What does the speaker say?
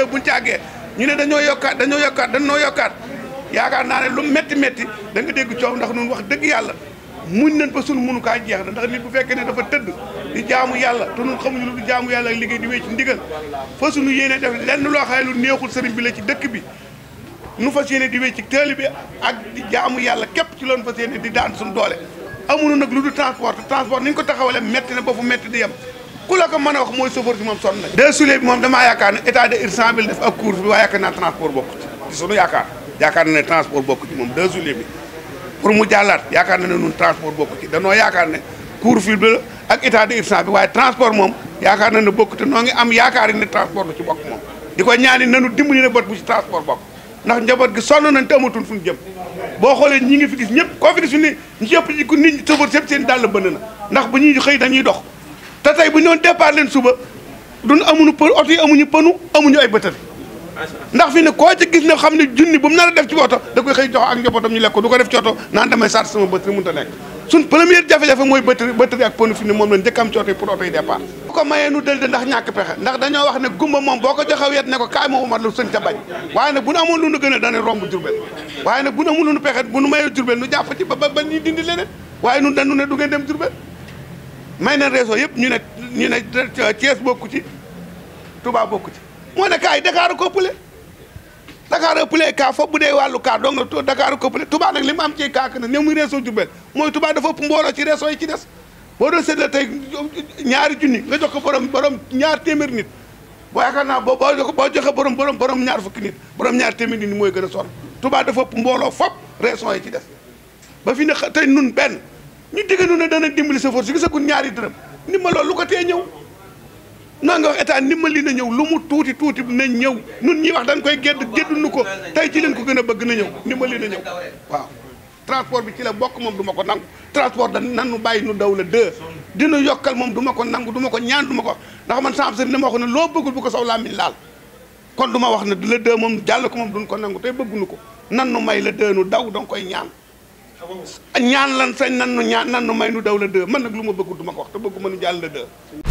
deux buñ ci àggee ñu ne dañoo yokkaat dañoo yokkaat noo yokkaat yaakaar naa ne lu métti métti da dégg coow ndax nun wax dëgg yàlla muñ nañ ba sunu mënu jeex na ndax nit bu fekkee ne dafa tëdd di jaamu yàlla te nun xamuñu lu du jaamu yàlla ak liggéey di wéy ci ndigal fa sunu yéene def lenn loo xam ne lu neexul sëriñ bi la ci dëkk bi nu fa yéene di wéy ci taalibe ak di jaamu yàlla képp ci loon fas yéene di daan suñu doole amuñu nag lu du transport transport ñu ko taxawale métti na ba fu métti di yem ku la ko mën a wax mooy chauffeur bi moom sonn nañ deux bi moom damaa yaakaar ne état de urgence bi def ak cour bi waaye yaakaar naa transport bokk ci sunu yaakaar yaakaar na ne transport bokk moom deux souliers bi pour mu jàllaat yaakaar na ne nun transport bokk ci danoo yaakaar ne couvre-feu bi ak état d'urgence bi waaye transport moom yaakaar na ne bokk te noo ngi am yaakaar ne transport du ci bokk moom ko ñaani nanu dimbali ne bot bu ci transport bokk ndax njaboot gi sonn nañ te amatul fu ñu jëm boo xoolee ñi ngi fi gis ñëpp koo fi gis fi ne ñëpp nit ñi sëfër sëpp seen na ndax bu ñuy xëy dañuy dox te tey bu ñoon départ leen suba duñ amuñu pën oto yi amuñu pënu amuñu ay bëtër ndax fi ne koo ci gis ne xam ne junni bu mu nar a def ci oto da koy xëy jox ak njabootam ñu lekk ko du ko def ci oto naan damay sart sama bëtër mënut a nekk suñ première jafe-jafe mooy bëtër bëtër ak pënu fi ne moom leen njëkk ci oto yi pour oto yi départ bu ko mayee nu dël de ndax ñàkk pexe ndax dañoo wax ne gumba moom boo ko joxee wet ne ko kaay ma umat lu sëñ ca bañ waaye nag bu nu amoon lu nu a dana romb jurbel waaye nu amoon lu nu pexe bu nu mayee ba may na réseau yëpp ñu ne ñu ne Thiès bokku ci Touba bokku ci moo ne kaay Dakar ko ëppale Dakar ëppale kaa foofu bu dee wàllu kaa dong na Dakar ko ëppale Touba nag li mu am ci kaa ne néew muy réseau Diourbel mooy Touba dafa ëpp mbooloo ci réseau yi ci des boo doon seetlee ñaari junni nga jox ko borom borom ñaar téeméer nit boo yaakaar naa boo boo boo joxe borom borom borom ñaar fukki nit borom ñaar téeméer nit mooy gën a sonn Touba dafa ëpp mbooloo fop régions yi ci des ba fi ne tey nun benn ñu diggante ne dana dimbali sa force su gisagul ñaari dërëm ndimbal loolu lu ko tee ñëw naa nga wax état ndimbali na ñëw lu mu tuuti tuuti na ñëw nun ñi wax dañ koy gedd gedduñu ko tey ci leen ko gën a bëgg na ñëw ndimbali na ñëw waaw. transport bi ci la bokk moom du ma ko nangu transport da nan nu bàyyi nu daw la deux dina yokkal moom du ma ko nangu duma ko ñaan duma ko ndax man sans absurde dama wax ne loo bëggul bu ko saw làmmiñ laal kon du ma wax ne la deux moom jàll ko moom duñ ko nangu tey ko nan nu may la deux nu daw danga koy ñaan lan sañ nan nu ñaan nan nu may nu daw la deux man nag lu ma bëgg duma ko wax te bëgguma ma nu jàll la deux